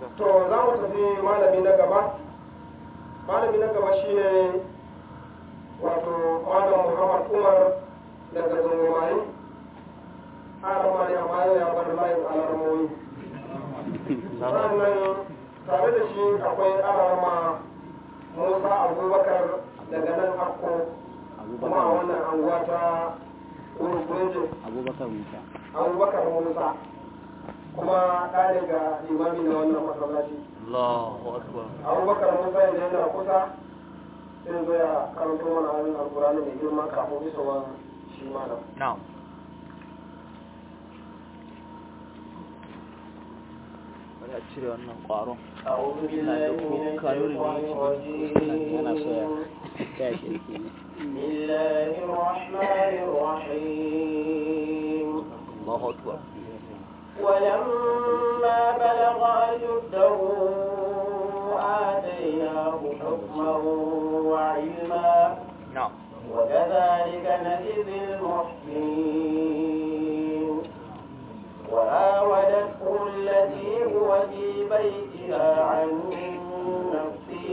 to za mu tafi malami na gaba malami na gaba shine wato malam muhammad umar daga zungumari arama ne amma yau ya bar layin alarmomi sannan tare da shi akwai arama musa abubakar daga nan akko kuma a wannan anguwa ta urugbeje abubakar musa kuma ɗa daga limami na wannan masallaci abubakar musa yanzu yana kusa sai zo ya karanto mana hannun alkurani mai girma kafin isowa shi malam a cire wannan kwaron na da kuma kayan rikici yana so ya kaya kirki ne Allah akbar ولما بلغ أشده آتيناه حكما وعلما نعم وكذلك نجزي المحسنين وآودته التي هو في بيتها عن نفسه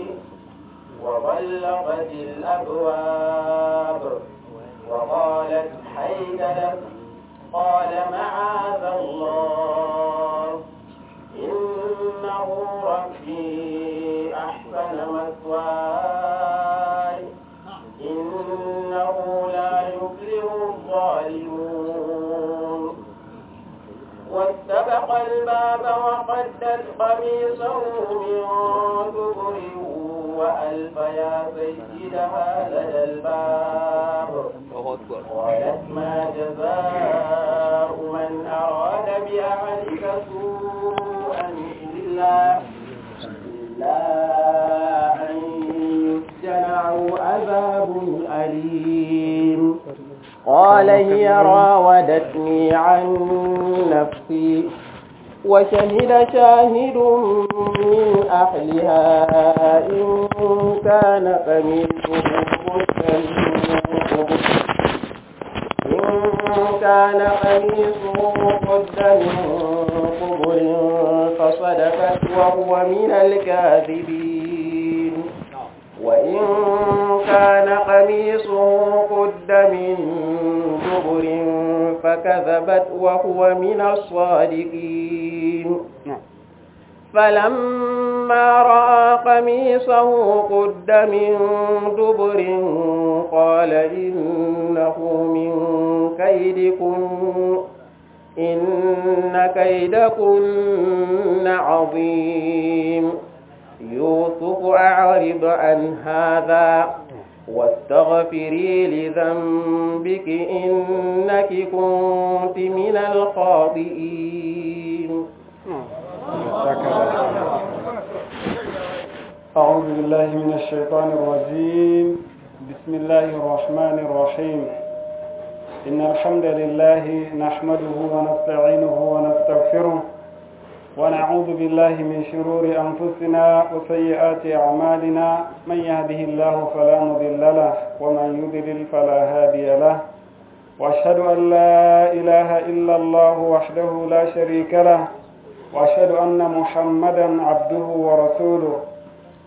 وغلقت الأبواب وقالت حيث لك قال معاذ الله إنه ربي أحسن مثواي إنه لا يكره الظالمون واتبق الباب وقدت قميصه من دبر وألف يا سيدها لدى الباب الله أكبر قالت ما جزاء من أراد بأعلك سوءا إلا إلا أن يسجن أو عذاب أليم قال هي راودتني عن نفسي وشهد شاهد من أهلها إن كان قميصه قد إن كان قميصه قد من قبل فصدقت وهو من الكاذبين وإن كان قميصه قد من دبر فكذبت وهو من الصادقين فلما فلما رأى قميصه قد من دبر قال إنه من كيدكن إن كيدكن عظيم يوسف أعرض عن هذا واستغفري لذنبك إنك كنت من الخاطئين اه. أعوذ بالله من الشيطان الرجيم بسم الله الرحمن الرحيم إن الحمد لله نحمده ونستعينه ونستغفره ونعوذ بالله من شرور أنفسنا وسيئات أعمالنا من يهده الله فلا مضل له ومن يضلل فلا هادي له وأشهد أن لا إله إلا الله وحده لا شريك له وأشهد أن محمدا عبده ورسوله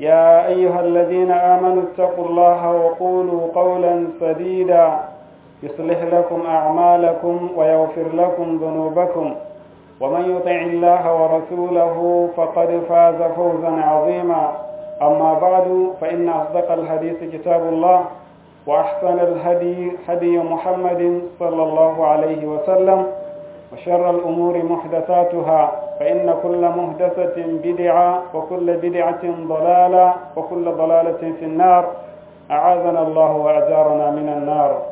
يا أيها الذين آمنوا اتقوا الله وقولوا قولا سديدا يصلح لكم أعمالكم ويغفر لكم ذنوبكم ومن يطع الله ورسوله فقد فاز فوزا عظيما أما بعد فإن أصدق الحديث كتاب الله وأحسن الهدي هدي محمد صلى الله عليه وسلم وشر الأمور محدثاتها فإن كل محدثة بدعة وكل بدعة ضلالة وكل ضلالة في النار أعاذنا الله وأجارنا من النار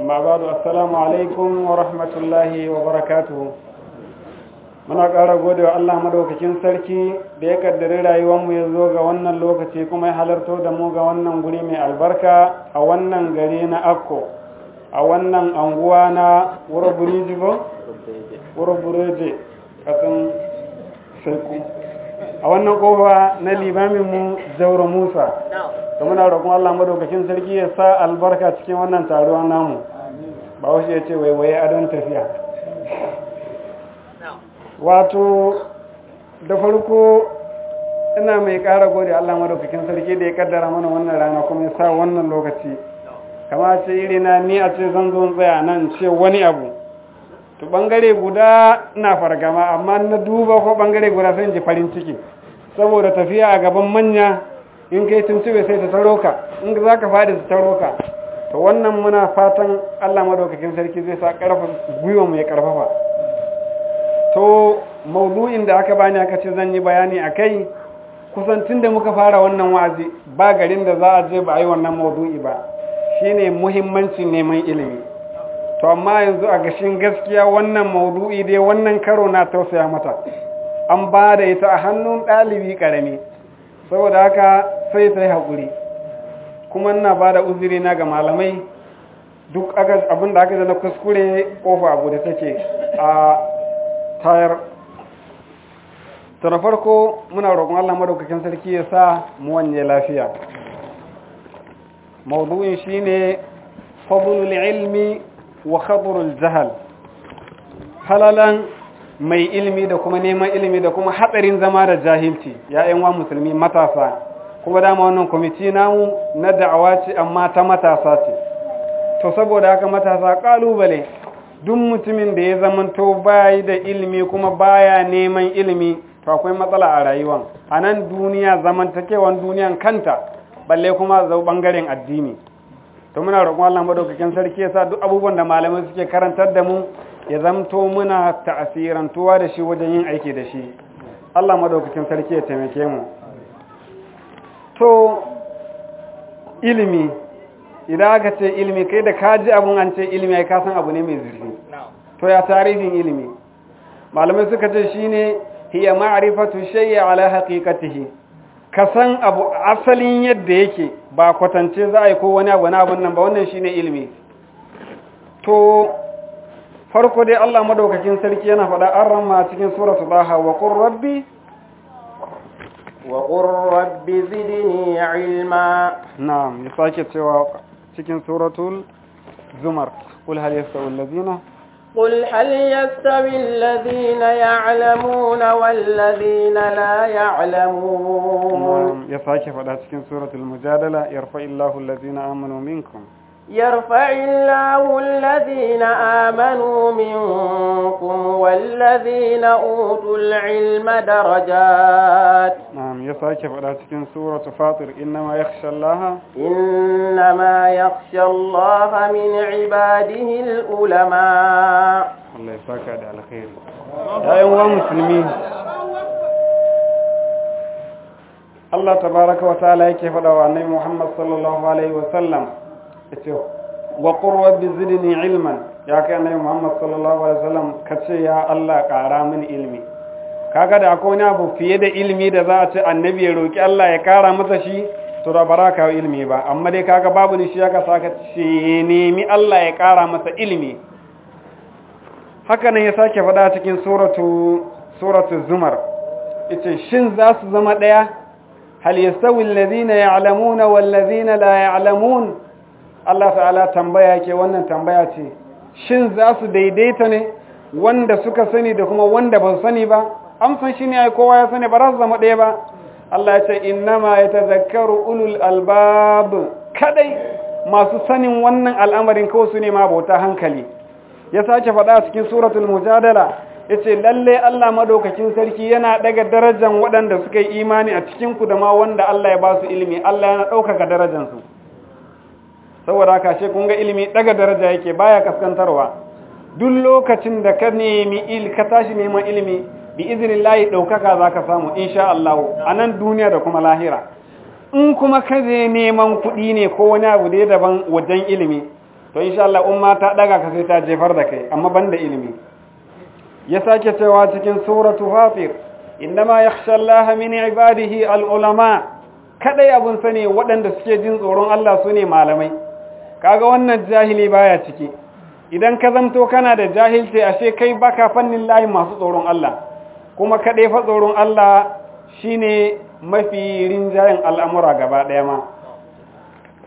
أما بعد السلام عليكم ورحمة الله وبركاته muna ƙara gode wa Allah madaukakin sarki da ya rayuwar rayuwarmu ya zo ga wannan lokaci kuma ya halarto da mu ga wannan guri mai albarka a wannan gari na Akko a wannan anguwa na wuraburiji ba? wurabureje kasan shaiku a wannan kofa na limaminmu jauro musa da muna roƙon allah madaukakin sarki ya sa albarka cikin wannan taruwa namu ba wasu ya ce waiwaye a don tafiya wato da farko ina mai ƙara gode allah madaukakin sarki da ya kaddara mana wannan rana kuma ya sa wannan lokaci kama iri na ni a ce zan zo tsaya nan ce wani abu to bangare guda na fargama amma na duba ko bangare guda sai ji farin ciki saboda tafiya a gaban manya in kai tuntube sai ta taro ka in za ka faɗi ta taro ka to wannan muna fatan Allah madaukakin sarki zai sa ƙarfa gwiwa mu ya karfafa to maudu'in da aka bani aka ce zan yi bayani a kai kusan tunda muka fara wannan wa'azi ba garin da za a je ba a yi wannan maudu'i ba shine muhimmancin neman ilimi to amma yanzu a gashin gaskiya wannan maudu'i dai wannan karo na tausaya mata an ba da ita a hannun ɗalibi ƙarami saboda haka sai ta yi haƙuri kuma ina ba da uzuri na ga malamai duk abin da aka zana kuskure ƙofa abu da take a tayar ta na farko muna roƙon allah maɗaukakin sarki ya sa mu wanye lafiya maudu'in shine fadlul ilmi wa khabrul jahal halalan mai ilmi da kuma neman ilmi da kuma hatsarin zama da jahilci ya'yan wa musulmi matasa kuma dama wannan kwamiti namu na da'awa ce amma ta matasa ce to saboda haka matasa kalubale duk mutumin da ya zamanto bayi da ilmi kuma baya neman ilmi to akwai matsala a rayuwan a nan duniya zamantakewan duniyan kanta balle kuma zau bangaren addini to muna roƙon Allah madaukakin sarki yasa duk abubuwan da malamai suke karantar da mu ya zamto muna tuwa da shi wajen yin aiki da shi Allah madaukakin sarki ya taimake mu to ilimi idan aka ce ilimi kai da kaji abun an ce ilimi ai kasan abu ne mai zurfi to ya tarihin ilimi malamai suka ce shine hiya ma'rifatu shay'i ala haqiqatihi ka san abu asalin yadda yake ba kwatance za a yi ko wani abu na abun nan ba wannan shine ilimi to farko dai Allah madaukakin sarki yana faɗa an ramma cikin suratu baha wa qur rabbi wa qur rabbi zidni ilma na'am ya sake cewa cikin suratul zumar qul hal yastawi allazina قل هل يستوي الذين يعلمون والذين لا يعلمون يا فاكهه فاكف على سورة المجادلة يرفع الله الذين آمنوا منكم يرفع الله الذين آمنوا منكم والذين أوتوا العلم درجات نعم يساك فلاتكن سورة فاطر إنما يخشى الله إنما يخشى الله من عباده الألماء الله يساك على خير أيها المسلمين الله تبارك وتعالى كيف yake faɗa محمد صلى الله عليه وسلم yace wa qurwa bi zidni ilman ya kai annabi Muhammad sallallahu alaihi wasallam kace ya Allah kara min ilmi kaga da akwai wani abu fiye da ilmi da za a ce annabi ya roki Allah ya kara masa shi to da baraka ilmi ba amma dai kaga babu ni shi ya saka ce nemi Allah ya kara masa ilmi haka nan ya sake faɗa cikin suratu suratu zumar ita shin za su zama ɗaya hal yastawi alladhina ya'lamuna wal ladhina la ya'lamun Allah ta'ala tambaya ke wannan tambaya ce shin za su daidaita ne wanda suka sani da kuma wanda ba su sani ba amsan shi ne ai kowa ya sani ba za su zama ɗaya ba Allah ya ce innama yatazakkaru ulul albabu kadai masu sanin wannan al'amarin ko su ne ma bauta hankali ya sace faɗa cikin suratul mujadala ce lalle Allah madaukakin sarki yana ɗaga darajar waɗanda suka yi imani a cikin ku da ma wanda Allah ya ba su ilimi Allah ya na ɗaukaka darajar saboda haka she kun ga ilimi daga daraja yake baya kaskantarwa duk lokacin da ka nemi il ka tashi neman ilimi bi iznillahi daukaka zaka samu insha Allah a nan duniya da kuma lahira in kuma ka je neman kuɗi ne ko wani abu da daban wajen ilimi to insha Allah umma ta daga ka sai ta jefar da kai amma banda ilimi ya sake cewa cikin suratu fatir ma yakhsha Allah min ibadihi al-ulama kadai abun sane waɗanda suke jin tsoron Allah sune malamai kaga wannan jahili baya ciki idan ka zanto kana da jahilci ashe kai baka fannin layin masu tsoron Allah kuma kaɗai fa tsoron Allah shine mafi rinjayen al'amura gaba ɗaya ma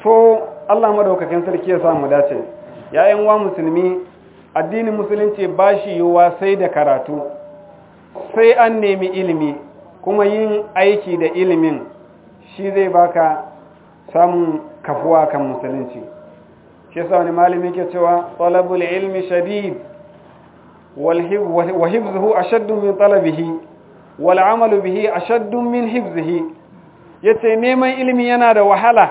to Allah madaukakin sarki ya samu dace yayin wa musulmi addinin musulunci ba shi yiwuwa sai da karatu sai an nemi ilimi kuma yin aiki da ilimin shi zai baka samun kafuwa kan musulunci shi yasa wani malami ke cewa talabul ilmi shadid wa hibzuhu ashaddu min talabihi wal amalu bihi ashaddu min hibzihi yace neman ilimi yana da wahala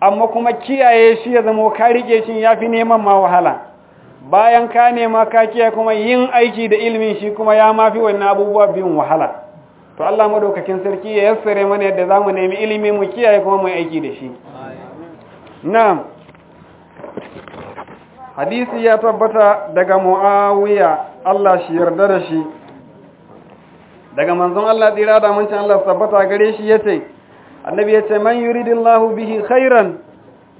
amma kuma kiyaye shi ya zama ka rike shi yafi neman ma wahala bayan ka nema ka kiyaye kuma yin aiki da ilimin shi kuma ya mafi wannan abubuwa biyun wahala to Allah madaukakin sarki ya yassare mana yadda zamu nemi ilimi mu kiyaye kuma mu aiki da shi na'am hadisi ya tabbata daga mu'awiya Allah shi yarda da shi daga manzon Allah tsira da mancin Allah tabbata gare shi yace annabi yace man yuridillahu bihi khairan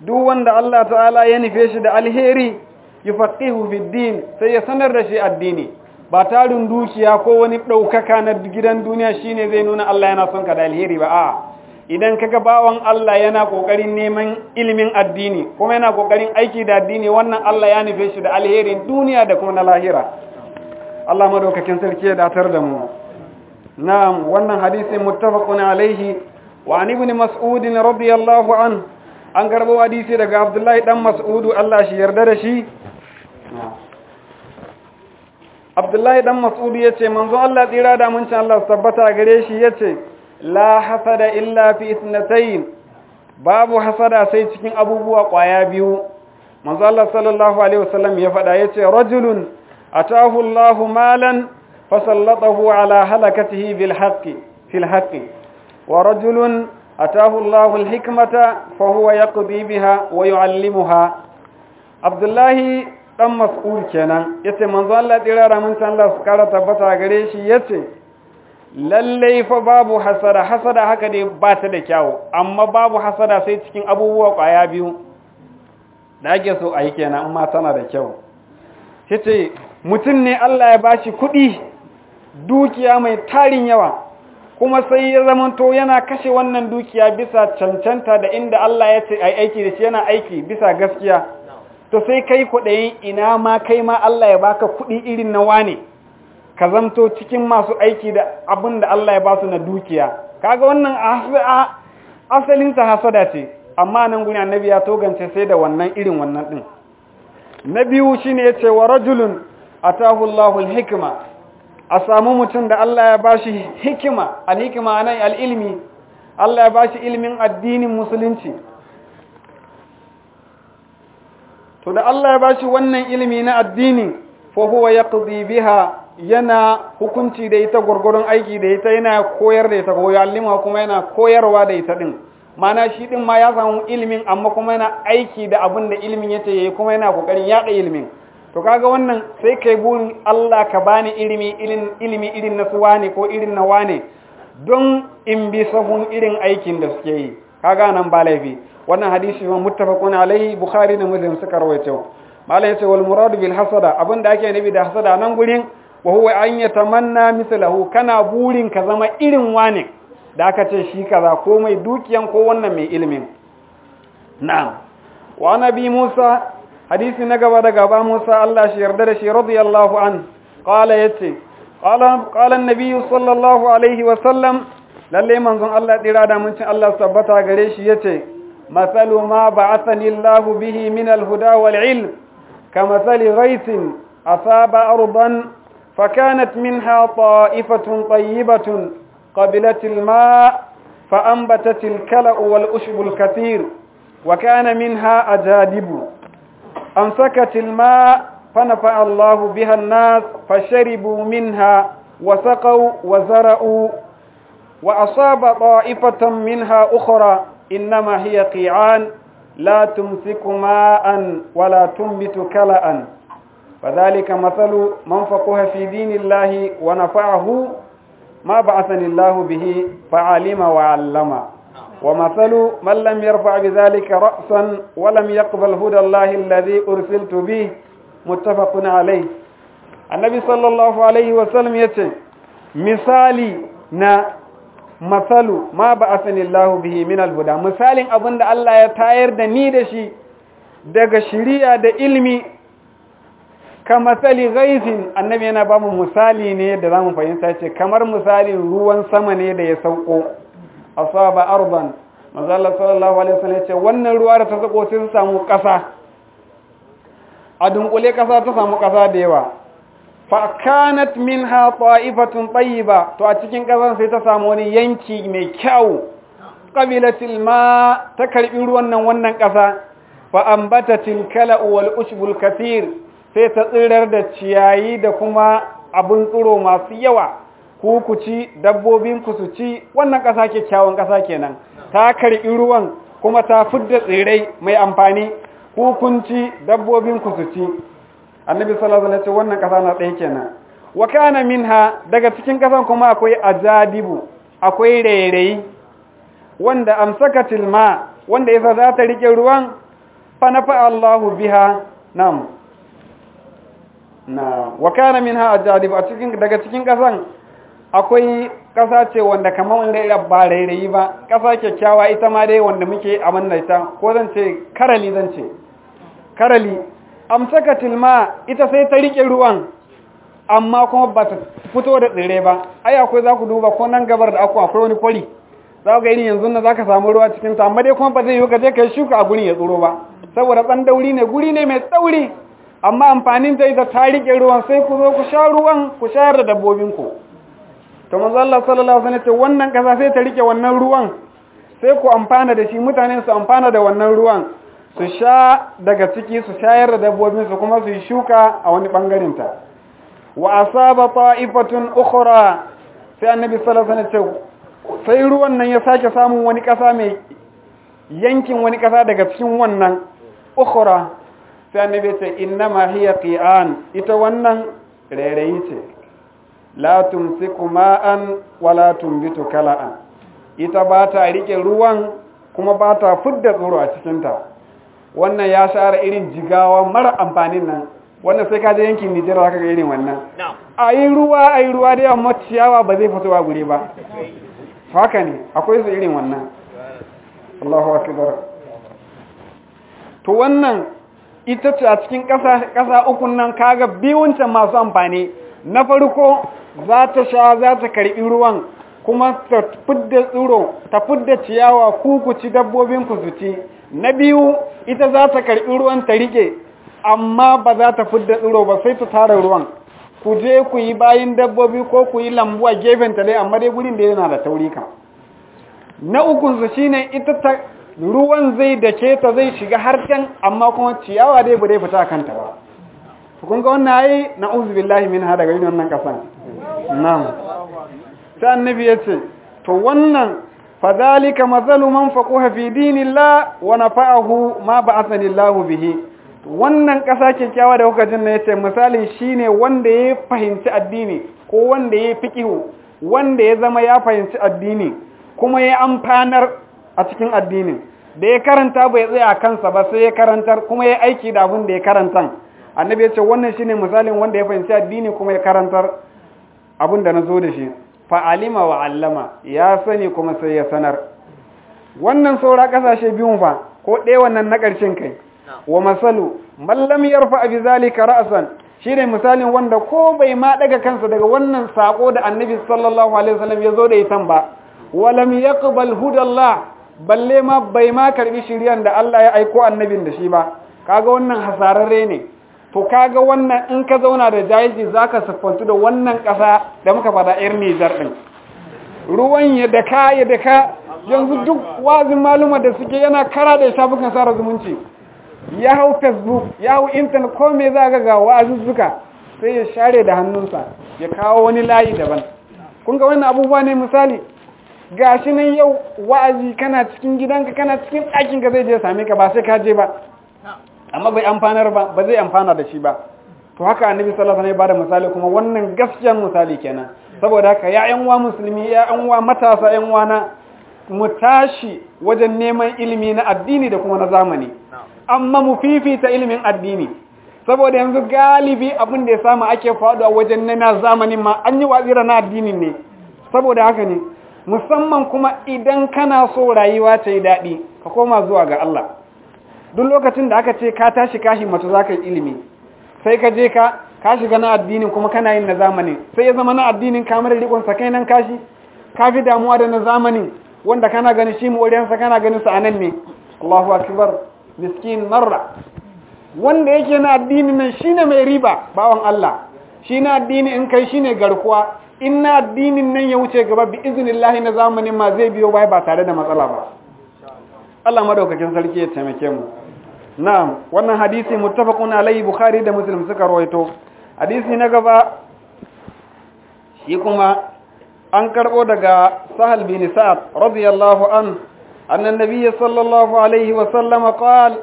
duk wanda Allah ta'ala ya nufe shi da alheri yufaqihu fid din sai ya sanar da shi addini ba tarin dukiya ko wani daukaka na gidan duniya shine zai nuna Allah yana son ka da alheri ba a'a idan kaga bawan Allah yana kokarin neman ilimin addini kuma yana kokarin aiki da addini wannan Allah ya nufe shi da alherin duniya da kuma na lahira Allah madaukakin sarki ya datar da mu na'am wannan hadisi muttafaqun alaihi wa an ibn mas'ud radiyallahu an an garbo hadisi daga Abdullahi dan Mas'ud Allah shi yarda da shi Abdullahi dan Mas'ud yace manzo Allah tsira da mun Allah tabbata gare shi yace la hasada illa fi babu hasada sai cikin abubuwa kwaya biyu manzo sallallahu alaihi wasallam ya faɗa yace rajulun atahu Allahu malan fasallatahu ala halakatihi bil haqqi fil haqqi wa rajulun atahu Allahu al hikmata fa huwa yaqdi biha wa yuallimuha Abdullahi dan Mas'ud kenan yace manzo Allah tsirara mun san Allah su kara tabbata gare shi yace lallai fa babu hasara hasara haka ne ba ta da kyau amma babu hasara sai cikin abubuwa kwaya biyu da ake so a yi kenan amma tana da kyau mutum ne Allah ya ba shi kuɗi dukiya mai tarin yawa kuma sai ya zamanto yana kashe wannan dukiya bisa cancanta da inda Allah ya ce aiki da shi yana aiki bisa gaskiya to sai kai kuɗayen ina ma kai ma Allah ya baka kuɗi irin na wane ka zamto cikin masu aiki da abin da Allah ya ba su na dukiya kaga wannan asalinsa hasada ce amma nan guni annabi ya togance sai da wannan irin wannan din na biyu shine yace wa rajulun atahu Allahul hikima a samu mutum da Allah ya bashi hikima alhikima nan al'ilmi Allah ya bashi ilmin addinin musulunci to da Allah ya bashi wannan ilmi na addinin fa huwa yaqdi biha yana hukunci da ita gurgurun aiki da ita yana koyar da ita goyo allima kuma yana koyarwa da ita din mana shi din ma ya samu ilimin amma kuma yana aiki da abin da ilimin ce yayi kuma yana kokarin yada ilimin to kaga wannan sai kai burin Allah ka bani ilimi irin ilimi irin na ne ko irin na wane don in bi sahun irin aikin da suke yi kaga nan ba laifi wannan hadisi ma muttafaqun alaihi bukhari da muslim suka rawaito malai ce wal murad bil hasada abinda ake nabi da hasada nan gurin wa huwa an yatamanna mislahu kana burin ka zama irin wane da aka ce shi kaza ko mai dukiyan ko wannan mai ilimin na'am wa nabi Musa hadisi na gaba da ba Musa Allah shi yarda da shi radiyallahu an qala yace qala qala an-nabi sallallahu alaihi wa sallam lalle manzon Allah dira da mun Allah tabbata gare shi yace masalu ma ba'athani Allah bihi min al-huda wal ilm kamathali ghaythin asaba ardan فكانت منها طائفة طيبة قبلت الماء فأنبتت الكلأ والأشب الكثير وكان منها أجادب أمسكت الماء فنفع الله بها الناس فشربوا منها وسقوا وزرعوا وأصاب طائفة منها أخرى إنما هي قيعان لا تمسك ماء ولا تنبت كلأ فذلك مثل من فقه في دين الله ونفعه ما بعثني الله به فعلم وعلم ومثل من لم يرفع بذلك رأسا ولم يقبل هدى الله الذي أرسلت به متفق عليه النبي صلى الله عليه وسلم يتي مثالي نا masalu ما ba الله به من الهدى alhuda misalin الله da Allah ya tayar da ni da tsali ghaifin annabi yana ba mu misali ne da zamu fahimta ce kamar misalin ruwan sama ne da ya sauko a saba arban mazalar sallallahu alaihi wasallam ya ce wannan ruwa da ta sauko sai su samu kasa a dunkule kasa ta samu kasa da yawa fa kanat minha ta'ifatun ba to a cikin kasan sai ta samu wani yanki mai kyau qabilatil ma ta karbi ruwan nan wannan kasa fa ambatatil kala wal ushbul kathir sai ta tsirar da ciyayi da kuma abin tsiro masu yawa ku ku ci dabbobin ku su ci wannan ƙasa ke kyawun ƙasa kenan ta karɓi ruwan kuma ta fidda tsirai mai amfani ku kun ci dabbobin ku su ci annabi sallallahu wannan ƙasa na ɗaya kenan wa kana minha daga cikin ƙasan kuma akwai ajadibu akwai rairayi wanda amsakatil ma wanda yasa za ta rike ruwan fa nafa Allahu biha nam na wa kana a cikin daga cikin kasan akwai kasa ce wanda kamar wanda ya ba rairayi ba kasa kyakkyawa ita ma dai wanda muke amanna ita ko zan ce karali zan ce karali amsakatil ma ita sai ta rike ruwan amma kuma ba ta fito da tsire ba ai akwai za ku duba ko nan gabar da aku akwai wani kwari za ku ga yanzu na za ka samu ruwa cikin ta amma dai kuma ba zai yi ka je ka shuka a gurin ya tsuro ba saboda tsandauri ne guri ne mai tsauri amma amfanin ta ita ta rike ruwan sai ku zo ku sha ruwan ku shayar da dabbobinku to manzo Allah sallallahu alaihi wasallam ce wannan kasa sai ta rike wannan ruwan sai ku amfana da shi mutane su amfana da wannan ruwan su sha daga ciki su shayar da dabbobin su kuma su shuka a wani bangaren ta wa asaba ta'ifatun ukhra sai annabi sallallahu alaihi wasallam ce sai ruwan nan ya sake samun wani kasa mai yankin wani kasa daga cikin wannan ukhra sai bai ce ma hiya qi'an ita wannan rairayi ce la tumsiku ma'an wala tumbitu kala'an ita ba ta rike ruwan kuma ba ta fudda tsoro a cikin ta wannan ya share irin jigawa mara amfanin nan wannan sai ka je yankin Nijar zaka ga irin wannan ayi ruwa ayi ruwa da amma ciyawa ba zai ba gure ba haka ne akwai su irin wannan Allahu akbar to wannan ita ce a cikin ƙasa ukun nan kaga biyunta masu amfani na farko za ta sha za ta karɓi ruwan kuma ta fidda tsuro ta fidda ciyawa kukuci dabbobin na biyu ita za ta karɓi ruwan ta riƙe amma ba za ta fidda tsiro ba sai ta tara ruwan ku je ku yi bayan dabbobi ko ku yi lambu a gefen ta dai amma dai gurin da yana da taurika na ukunsu shine ita ta ruwan zai dake ta zai shiga harkan amma kuma ciyawa dai bude dai fita kanta ba kun ga wannan na na'udhu billahi min hada ga wannan kasan na'am sai annabi yace to wannan fadhalika mazalu man faquha fi dinillah wa nafa'ahu ma ba'athani Allah bihi wannan kasa kyakkyawa da kuka jin yace misalin shine wanda ya fahimci addini ko wanda ya fiqihu wanda ya zama ya fahimci addini kuma ya amfanar a cikin addinin da ya karanta bai tsaye a kansa ba sai ya karantar kuma ya aiki da abin da ya karanta annabi ya ce wannan shine misalin wanda ya fahimci addini kuma ya karantar abin da na zo da shi fa wa allama ya sani kuma sai ya sanar wannan saura kasashe biyun fa ko ɗaya wannan na ƙarshen kai wa masalu mallam yarfa bi zalika ra'san shine misalin wanda ko bai ma daga kansa daga wannan sako da annabi sallallahu alaihi wasallam ya zo da ita ba walam yaqbal hudallah balle ma bai ma karbi shiryan da Allah ya aiko annabin da shi ba kaga wannan hasararre ne to kaga wannan in ka zauna da jahilci zaka siffantu da wannan kasa da muka fada ir Niger din ruwan ya daka ya daka yanzu duk wazin maluma da suke yana kara da shafukan sara zumunci ya hau facebook ya hau internet ko me za ga wazin wazuzzuka sai ya share da hannunsa ya kawo wani layi daban kun ga wannan abubuwa ne misali gashi nan yau wa'azi kana cikin gidanka kana cikin ɗakinka zai je sami ka ba sai ka je ba amma bai amfanar ba ba zai amfana da shi ba to haka annabi sallallahu alaihi wasallam ya bada misali kuma wannan gaskiyar misali kenan saboda haka ya wa musulmi ya wa matasa yan wa na mu tashi wajen neman ilimi na addini da kuma na zamani amma mu fifita ilimin addini saboda yanzu galibi abin da ya samu ake faɗo a wajen na zamanin ma an yi wazira na addini ne saboda haka ne musamman kuma idan kana so rayuwa ta yi daɗi ka koma zuwa ga Allah duk lokacin da aka ce ka tashi kashi mace za ka yi ilimi sai ka je ka ka shiga na addinin kuma kana yin na zamanin sai ya zama na addinin kamar rikon sa kai nan kashi ka fi damuwa da na zamanin wanda kana gani shi moriyarsa kana ganin sa anan ne Allahu akbar miskin marra wanda yake na addinin nan shine mai riba bawan Allah shi na addinin in kai shine garkuwa inna addinin nan ya wuce gaba bi izinin lahi na zamanin ma zai biyo baya ba tare da matsala ba Allah madaukakin sarki ya taimake mu na'am wannan hadisi muttafaqun alayhi bukhari da muslim suka rawaito hadisi na gaba shi kuma an karbo daga sahal bin sa'ad radiyallahu an anna nabiyyi sallallahu alaihi wa sallam qala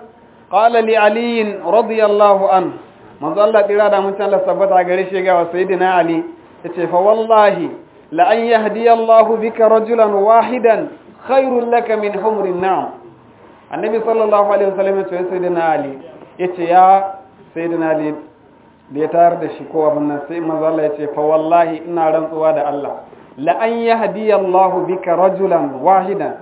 qala li ali radiyallahu an manzo Allah dira da mun Allah sabbata gare shi ga sayyidina ali ce fa wallahi la an yahdiyallahu bika rajulan wahidan khairul laka min humrin na'am annabi sallallahu alaihi wasallam yace sayyidina ali yace ya sayyidina ali da ya tayar da shi ko abin nan sai manzo Allah fa wallahi ina rantsuwa da Allah la an yahdiyallahu bika rajulan wahidan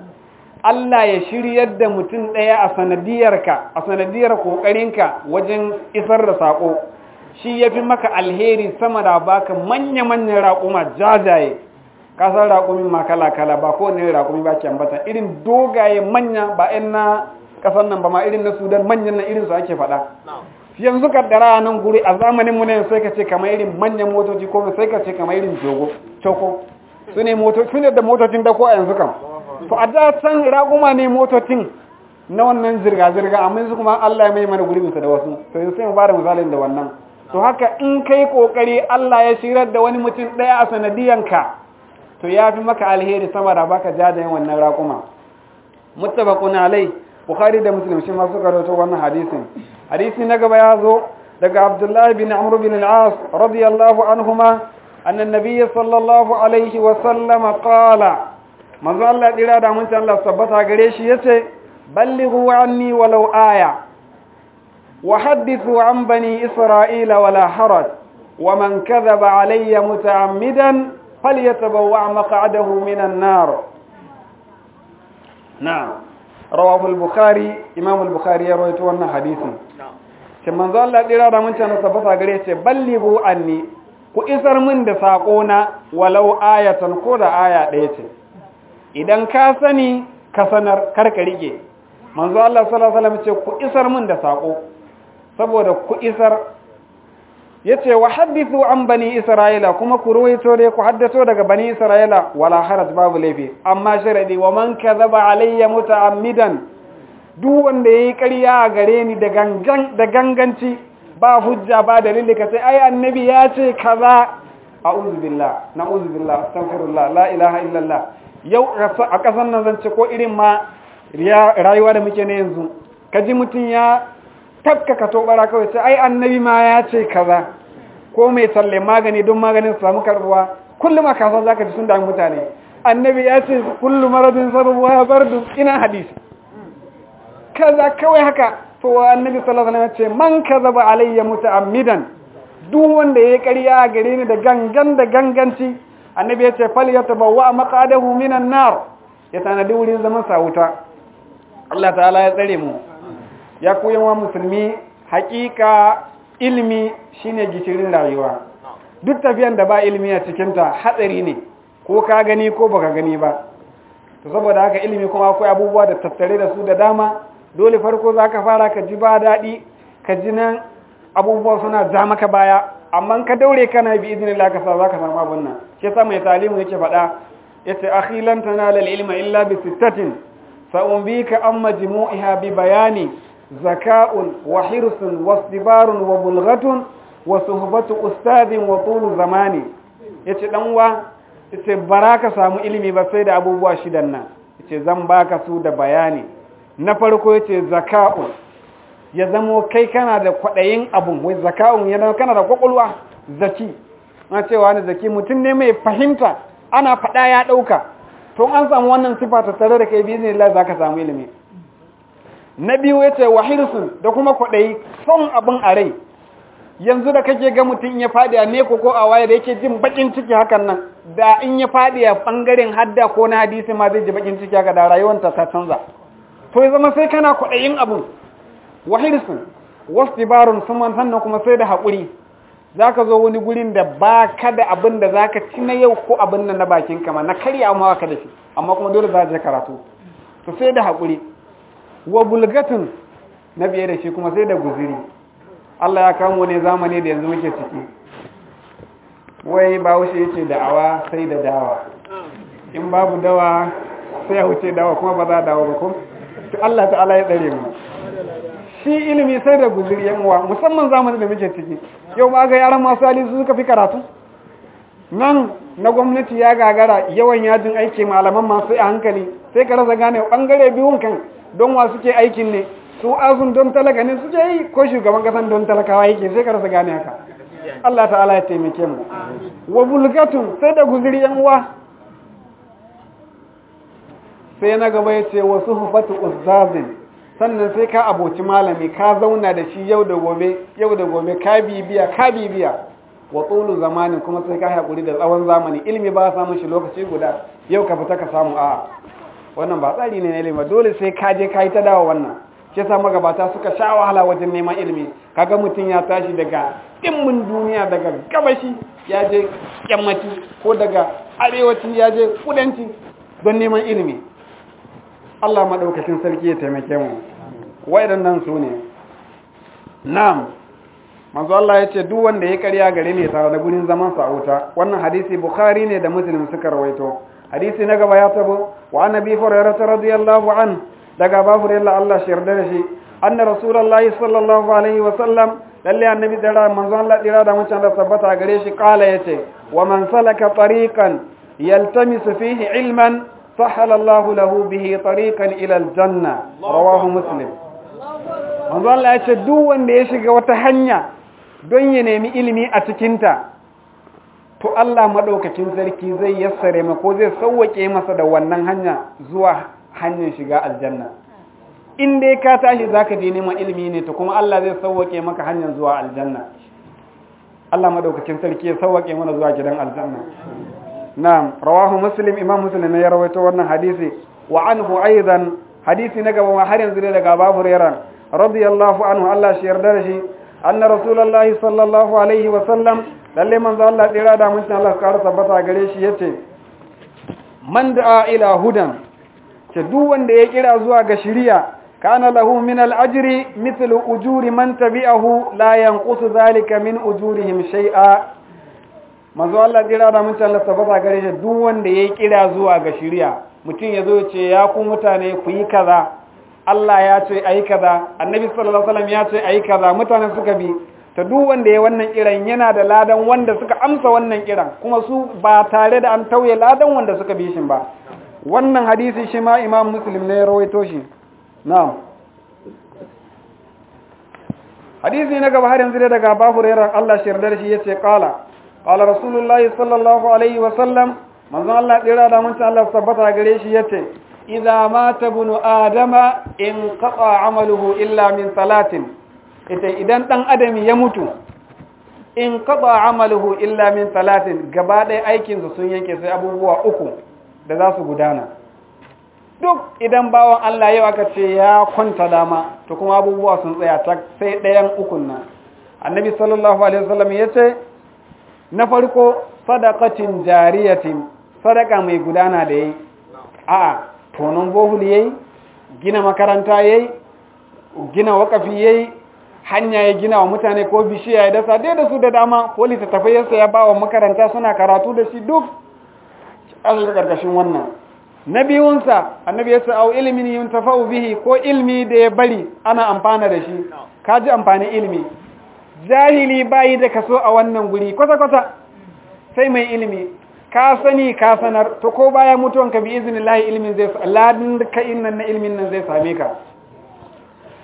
Allah ya shiryar da mutum ɗaya a sanadiyarka a sanadiyar ƙoƙarinka wajen isar da saƙo shi ya fi maka alheri sama da baka manya-manyan raƙuma jajaye kasar raƙumin ma kala-kala ba kowane raƙumi ba ke ambata irin dogaye manya ba yan na ƙasar nan ba ma irin na sudan manyan nan irinsu ake faɗa yanzu ka dara nan guri a zamanin munayen sai ka ce kamar irin manyan motoci ko sai ka ce kamar irin jogo coko su ne da motocin dako a yanzu kam to a da raƙuma ne motocin na wannan zirga-zirga amma yanzu kuma allah ya mai mana gurbinsa da wasu to yanzu sai mu ba da misalin da wannan to haka in kai kokari Allah ya shirar da wani mutum daya a sanadiyanka to yafi maka alheri sama da baka jajayen wannan raƙuma muttafaqun alai bukhari da muslim shi ma suka rawaito wannan hadisin hadisi na gaba ya zo daga abdullahi bin amr bin al-as radiyallahu anhuma anna an ya sallallahu alaihi wa sallam qala manzo Allah dira da mun Allah tabbata gare shi yace ballighu anni walau aya وحدثوا عن بني إسرائيل ولا حرج ومن كذب علي متعمدا فليتبوع مقعده من النار نعم رواه البخاري إمام البخاري يرويته حديث نعم كما قال الله إلى رمان كان سبسا قريت بلغوا أني ku isar min da saƙona walau ayatan ko da aya ɗaya ce idan ka sani ka sanar karka rike manzo Allah sallallahu alaihi wasallam ce ku isar min da saƙo saboda ku isar yace wa hadithu an bani isra'ila kuma ku ruwaito dai ku haddato daga bani isra'ila wala haraj babu laifi amma sharadi wa man kadhaba alayya muta'ammidan duk wanda yayi ƙarya gare ni da gangan da ganganci ba hujja ba dalili ka sai ai annabi ya ce kaza a'udhu billah na'udhu billah astaghfirullah la ilaha illallah yau a kasan nan zan ce ko irin ma rayuwa da muke ne yanzu kaji mutun ya tafka ka tobara kawai sai ai annabi ma ya ce kaza ko mai tsalle magani don maganin su samu karbuwa kullum a kasuwa zaka ji sun da mutane annabi ya ce kullum maradin sababu ya bardu ina hadisi kaza kawai haka to annabi sallallahu alaihi wasallam ya ce man kazaba alayya muta'ammidan duk wanda yayi ƙarya gare ni da gangan da ganganci annabi ya ce fal yatabawwa maqadahu minan nar ya tanadi wurin zaman sa wuta Allah ta'ala ya tsare mu ya koyan wa musulmi hakika ilimi shine gishirin rayuwa duk tafiyan da ba ilimi a cikinta hatsari ne ko ka gani ko baka gani ba to saboda haka ilimi kuma akwai abubuwa da tattare da su da dama dole farko za ka fara ka ji ba daɗi ka ji nan abubuwa suna za maka baya amma ka daure kana bi izinin Allah ka sa za ka samu abin nan shi yasa mai talimu yake faɗa yace akhi lan tanala al-ilma illa bi sittatin sa umbika amma jumu'iha bi bayani zaka'un wa hirsun wa sibarun wa bulghatun wa suhbatu ustadin wa tulu zamani yace dan uwa yace baraka samu ilimi ba sai da abubuwa shidan nan yace zan baka su da bayani na farko yace zaka'un ya zamo kai kana da kwadayin abun wai zaka'un yana kana da kwakwalwa zaki na cewa ne zaki mutum ne mai fahimta ana faɗa ya ɗauka Tun an samu wannan sifa tare da kai biyu ne za ka samu ilimi na biyu ya ce wahirsu da kuma kwaɗayi son abin a rai yanzu da kake ga mutum in ya faɗi a neko ko a waye da yake jin bakin ciki hakan nan da in ya faɗi a ɓangaren hadda ko na hadisi ma zai ji bakin ciki haka da rayuwanta ta canza to ya zama sai kana kwaɗayin abin wahirsu wasu dibarun sun sannan kuma sai da haƙuri za ka zo wani gurin da ba ka da abin da za ka ci na yau ko abin nan na bakin kama na karya amma ka da shi amma kuma dole za ka je karatu to sai da haƙuri wa bulgatun na biye da shi kuma sai da guziri Allah ya kamo ne zamani da yanzu muke ciki wai ba wuce ce da'awa sai da dawa in babu dawa sai ya wuce dawa kuma ba za dawa ba ko to Allah ta'ala ya tsare mu shi ilimi sai da guziri yan uwa musamman zamani da muke ciki yau ba ga yaran masu hali su suka fi karatu nan na gwamnati ya gagara yawan yajin aiki malaman masu a hankali sai ka rasa gane bangare biyun kan don wa suke aikin ne su azun don talaka ne suke yi ko shugaban kasan don talakawa yake sai karasa gane haka Allah ta'ala ya taimake mu wa bulgatu sai da guzuri yan uwa sai na gaba ya ce wa suhbatu ustazin sannan sai ka aboci malami ka zauna da shi yau da gobe yau da gobe ka bibiya ka bibiya wa tsulu zamanin kuma sai ka haƙuri da tsawon zamani ilimi ba samun shi lokaci guda yau ka fita ka samu a'a wannan ba tsari ne na ilimi dole sai ka je ka yi ta dawo wannan shi sa magabata suka sha wahala wajen neman ilimi kaga mutum ya tashi daga dimmin duniya daga gabashi ya je yammaci ko daga arewaci ya je kudanci don neman ilimi Allah madaukakin sarki ya taimake mu nan su ne na'am manzo Allah ya ce duk wanda ya karya gare ne tare da gurin zaman sa wuta wannan hadisi bukhari ne da muslim suka rawaito hadisi na gaba ya tabo wa annabi hurairah radiyallahu an daga babu rilla Allah shi da shi anna rasulullahi sallallahu alaihi wa sallam lalle annabi da manzo Allah dira da mun da tabbata gare shi kala yace wa man salaka tariqan yaltamisu fihi ilman sahalallahu lahu bihi tariqan ila aljanna rawahu muslim manzo Allah yace duk wanda ya shiga wata hanya don ya nemi ilimi a cikinta to Allah maɗaukakin sarki zai yassare ma ko zai sauwaƙe masa da wannan hanya zuwa hanyar shiga aljanna in dai ka tashi zaka je neman ilimi ne to kuma Allah zai sauwaƙe maka hanyar zuwa aljanna Allah maɗaukakin sarki ya sauwaƙe mana zuwa gidan aljanna na'am rawahu muslim imam muslim ne ya rawaito wannan hadisi wa anhu aidan hadisi na gaba ma har yanzu ne daga babu Hurairah radiyallahu anhu Allah shi yarda da shi anna rasulullahi sallallahu alaihi wa sallam lalle manzo Allah tsira da mun Allah ka tabbata gare shi yace man da'a ila hudan ce duk wanda ya kira zuwa ga shari'a kana lahu min al-ajri mithlu ujuri man tabi'ahu la yanqusu zalika min ujurihim shay'a manzo Allah tsira da mun Allah tabbata gare shi duk wanda ya kira zuwa ga shari'a mutum yazo ya ce ya ku mutane ku yi kaza Allah ya ce ayi kaza annabi sallallahu alaihi wasallam ya ce ayi kaza mutanen suka bi ta duk wanda ya wannan kiran yana da ladan wanda suka amsa wannan kiran kuma su ba tare da an tauye ladan wanda suka bi shi ba wannan hadisi shi ma imam muslim ne ya rawaito shi na'am hadisi na gaba har yanzu da daga Abu Hurairah Allah shi yarda shi yace qala qala sallallahu alaihi wa sallam manzo Allah tsira da mun Allah tabbata gare shi yace idza mata bunu adama in qata amaluhu illa min salatin ita idan ɗan adami ya mutu in qada amaluhu illa min talatin gaba ɗaya aikinsa sun yanke sai abubuwa uku da za su gudana duk idan bawan Allah yau aka ce ya kwanta dama to kuma abubuwa sun tsaya ta sai ɗayan ukun nan annabi sallallahu alaihi wasallam ya ce na farko sadaqatin jariyatin sadaka mai gudana da yayi a'a tonon bohul yayi gina makaranta yayi gina wakafi yayi hanya ya gina wa mutane ko bishiya ya dasa dai da su da dama ko tafi yasa ya ba wa makaranta suna karatu da shi duk an karkashin wannan na biyunsa annabi ya sa'au ilimin yuntafa'u bihi ko ilmi da ya bari ana amfana da shi kaji amfani ilimi. jahili bayi da kaso a wannan guri kwata-kwata sai mai ilimi. ka sani ka sanar to ko baya ka bi izinin lahi ilmin zai sa ladin ka innan na ilmin nan zai same ka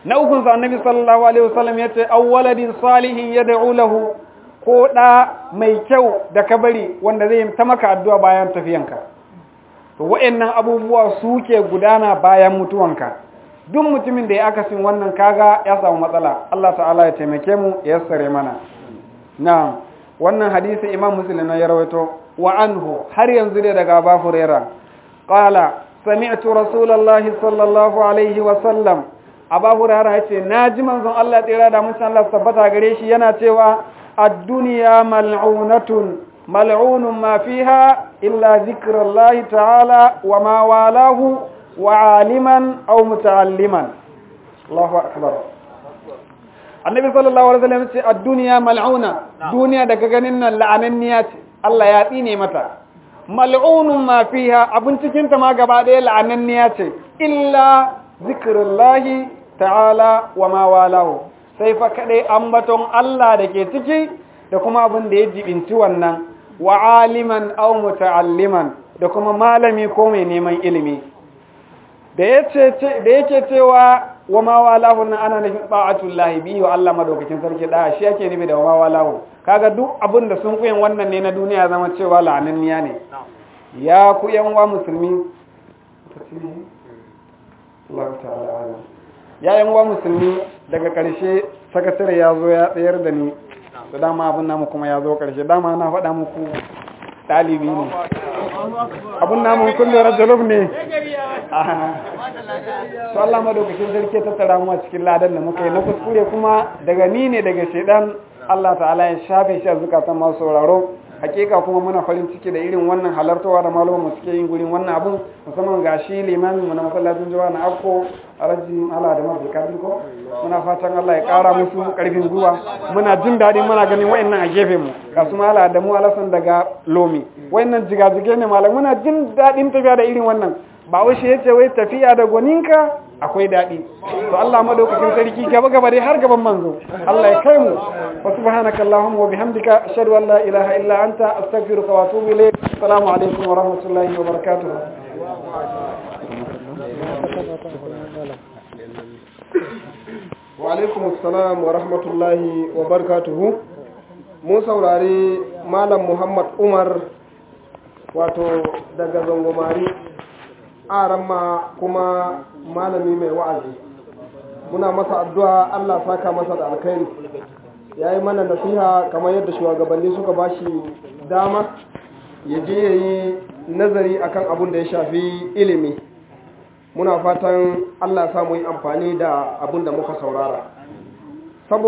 na uku sa annabi sallallahu alaihi wasallam ya ce awwaladin salihin yad'u lahu ko da mai kyau da ka bari wanda zai ta maka addu'a bayan tafiyanka to waɗannan abubuwa suke gudana bayan mutuwanka duk mutumin da ya akasin wannan kaga ya samu matsala Allah ta'ala ya taimake mu ya yassare mana na'am wannan hadisi imam muslim ya rawaito wa anhu har yanzu dai daga Abu qala sami'tu rasulullahi sallallahu alaihi wa sallam Aba Hurairah yace na ji manzon Allah tsira da mun san Allah tabbata gare shi yana cewa ad-dunya mal'unatun mal'unun ma fiha illa zikrullahi ta'ala wa ma walahu wa aliman aw muta'alliman Allahu akbar Annabi sallallahu alaihi wasallam yace ad-dunya mal'una duniya daga ganin nan la'ananniya ce Allah ya tsine mata mal'unun ma fiha abin cikin ta ma gaba ɗaya la'ananniya ce illa zikrullahi ta'ala wa ma walahu sai fa kade ambaton Allah da ke ciki da kuma abin da ya jibinci wannan wa aliman aw muta'alliman da kuma malami ko mai neman ilimi da yace da yake cewa wa ma walahu nan ana nufin ba'atullahi bi wa Allah madaukakin sarki da shi yake nufi da wa ma walahu kaga duk abin da sun kuyen wannan ne na duniya zama cewa la'ananniya ne ya ku wa musulmi Allah ta'ala Ya yan wa musulmi daga karshe sakatare ya zo ya tsayar da ni da dama abin namu kuma ya zo karshe dama na faɗa muku ɗalibi ne abin namu kullum rajulub ne su Allah madaukakin sarki ta tara mu a cikin ladan da muka yi na kuskure kuma daga ni ne daga shaidan Allah ta'ala ya shafe shi a zukatan masu sauraro hakika kuma muna farin ciki da irin wannan halartowa da malamanmu suke yin gurin wannan abun musamman ga shi limamin mu na masallacin jawa na akko alhaji Allah da mafi karfi ko muna fatan allah ya kara musu karfin gwiwa muna jin dadi muna ganin wayannan a gefe mu ga su mala da mu alasan daga lomi wayannan jigajige ne malam muna jin daɗin tafiya da irin wannan ba wai shi yace wai tafiya da gwaninka akwai daɗi to Allah madaukakin sarki gaba gaba dai har gaban manzo Allah ya kai mu wa subhanaka allahumma wa bihamdika ashhadu an la ilaha illa anta astaghfiruka wa atubu ilayk assalamu alaikum wa rahmatullahi wa barakatuh wa alaikum assalam wa rahmatullahi wa barakatuh mun saurari malam Muhammad Umar wato daga zangomari aramma kuma malami mai wa'azi muna masa addu'a Allah saka masa da alkhairi ya yi mana nasiha kamar yadda shugabanni suka ba shi dama ya je ya yi nazari akan abun da ya shafi ilimi muna fatan Allah sa mu yi amfani da abin da muka saurara